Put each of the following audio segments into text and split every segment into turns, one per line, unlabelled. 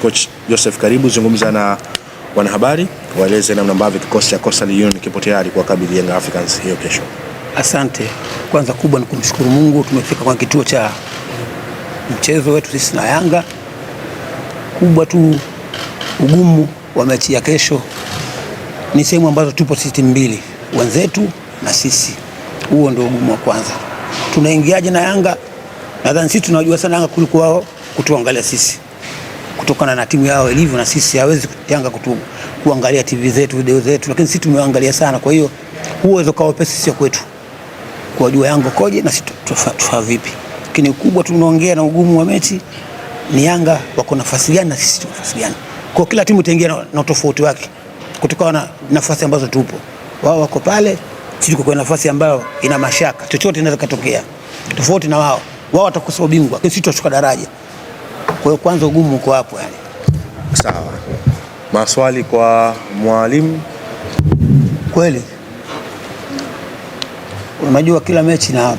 Coach Joseph Karibu, zungumza na wanahabari, waeleze namna ambavyo kikosi cha Coastal Union kipo tayari kuwakabili Young Africans hiyo kesho.
Asante. Kwanza kubwa ni kumshukuru Mungu tumefika kwa kituo cha mchezo wetu sisi na Yanga. Kubwa tu ugumu wa mechi ya kesho ni sehemu ambazo tupo sisi timu mbili, wenzetu na sisi. Huo ndio ugumu wa kwanza. Tunaingiaje na Yanga? Nadhani sisi tunajua sana Yanga kuliko wao kutuangalia sisi kutokana na timu yao ilivyo, na sisi hawezi Yanga kutu, kuangalia TV zetu video zetu, lakini sisi tumeangalia sana. Kwa hiyo huo uwezo kwa wepesi sio kwetu kuwajua Yanga koje na sisi tufa vipi, lakini kubwa tunaongea na ugumu wa mechi ni Yanga wako nafasi gani na sisi tuko nafasi gani. Kwa kila timu itaingia na, na tofauti wake kutokana na nafasi ambazo tupo, wao wako pale, sisi tuko kwa nafasi ambayo ina mashaka, chochote inaweza kutokea tofauti na wao. Wao watakosa ubingwa, lakini sisi tutashuka daraja. Kwa kwanza ugumu uko hapo yani.
Sawa. Maswali kwa mwalimu?
Kweli unajua kila mechi na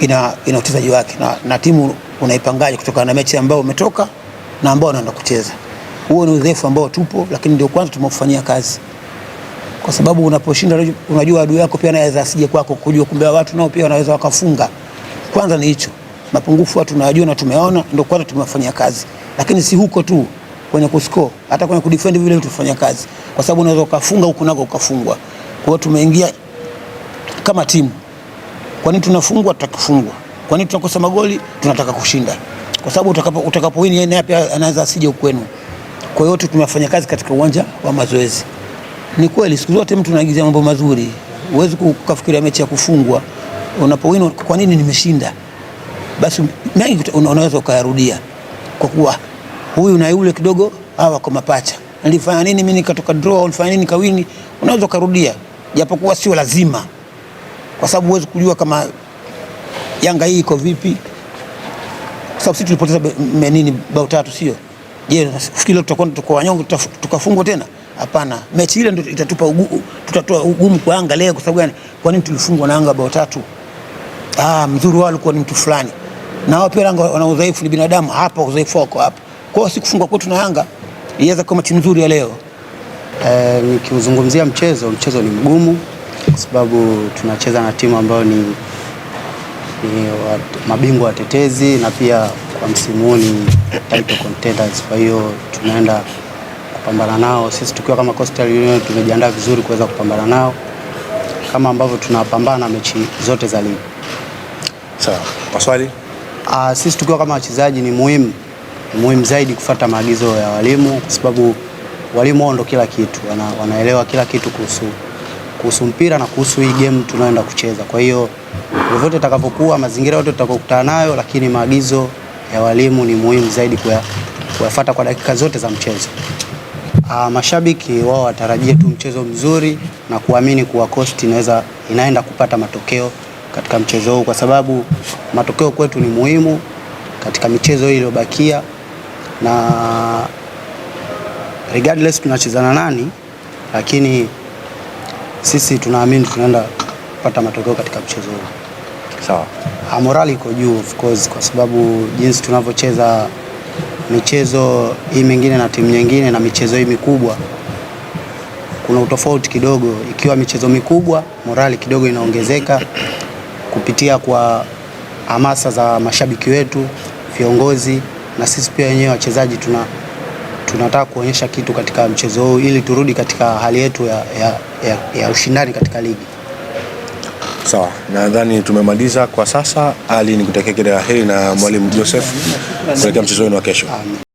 ina, ina uchezaji wake na, na timu unaipangaje kutokana na mechi ambayo umetoka na ambao unaenda kucheza. Huo ni udhaifu ambao tupo, lakini ndio kwanza tumeufanyia kazi, kwa sababu unaposhinda unajua adui yako pia anaweza asije kwako kujua, kumbe watu nao pia wanaweza wakafunga. Kwanza ni hicho mapungufu watu tunayajua na tumeona, ndio kwanza tumefanya kazi, lakini si huko tu kwenye kuscore, hata kwenye kudefend vile tufanya kazi, kwa sababu unaweza ukafunga huko nako ukafungwa. Kwa hiyo tumeingia kama timu. Kwa nini tunafungwa? Tutakufungwa. Kwa nini tunakosa magoli? Tunataka kushinda, kwa sababu utakapo utakapo win yeye pia anaweza asije kwenu. Kwa hiyo tumefanya kazi katika uwanja wa mazoezi. Ni kweli siku zote mtu anaagiza mambo mazuri, huwezi kukafikiria mechi ya kufungwa. Unapowin, kwa nini nimeshinda basi mengi unaweza ukayarudia, kwa kuwa huyu na yule kidogo hawa kwa mapacha, nilifanya nini mimi nikatoka draw, ulifanya nini kawini, unaweza ukarudia, japokuwa sio lazima, kwa sababu huwezi kujua kama Yanga hii iko vipi, kwa sababu sisi tulipoteza menini bao tatu, sio? Je, Fikiri tutakwenda tuko wanyonge tukafungwa tena? Hapana, mechi ile ndio itatupa ugumu, tutatoa ugumu kwa Yanga leo. Kwa sababu gani? Kwa nini tulifungwa na Yanga bao tatu? Ah, mzuri wao alikuwa ni mtu fulani na wao pia wana udhaifu, ni binadamu. Hapa udhaifu wako hapa. Kwa hiyo sikufungwa kwetu na Yanga iweza kuwa mechi nzuri ya leo.
E, eh, nikiuzungumzia mchezo, mchezo ni mgumu kwa sababu tunacheza na timu ambayo ni, ni wat, mabingwa watetezi na pia kwa msimu huu ni title contenders. Kwa hiyo tunaenda kupambana nao sisi tukiwa kama Coastal Union tumejiandaa vizuri kuweza kupambana nao kama ambavyo tunapambana mechi zote za ligi.
Sawa. Maswali?
Uh, sisi tukiwa kama wachezaji ni muhimu muhimu zaidi kufata maagizo ya walimu kwa sababu walimu wao ndo kila kitu wana, wanaelewa kila kitu kuhusu kuhusu mpira na kuhusu hii game tunayoenda kucheza. Kwa hiyo vyovyote itakapokuwa, mazingira yote tutakokutana nayo, lakini maagizo ya walimu ni muhimu zaidi kuyafuata kwa dakika zote za mchezo. Aa, ah, mashabiki wao watarajie tu mchezo mzuri na kuamini kuwa Coast inaweza inaenda kupata matokeo katika mchezo huu, kwa sababu matokeo kwetu ni muhimu katika michezo hii iliyobakia, na regardless tunachezana nani, lakini sisi tunaamini tunaenda kupata matokeo katika mchezo huu. Sawa. Ah, morali iko juu of course, kwa sababu jinsi tunavyocheza michezo hii mingine na timu nyingine na michezo hii mikubwa kuna utofauti kidogo. Ikiwa michezo mikubwa, morali kidogo inaongezeka, kupitia kwa hamasa za mashabiki wetu, viongozi na sisi pia wenyewe wachezaji tuna tunataka kuonyesha kitu katika mchezo huu ili turudi katika hali yetu ya, ya, ya, ya ushindani katika ligi.
Sawa, nadhani tumemaliza kwa sasa. Ali, nikutakia kila la heri na mwalimu Joseph kuelekea mchezo wenu wa kesho. Amen.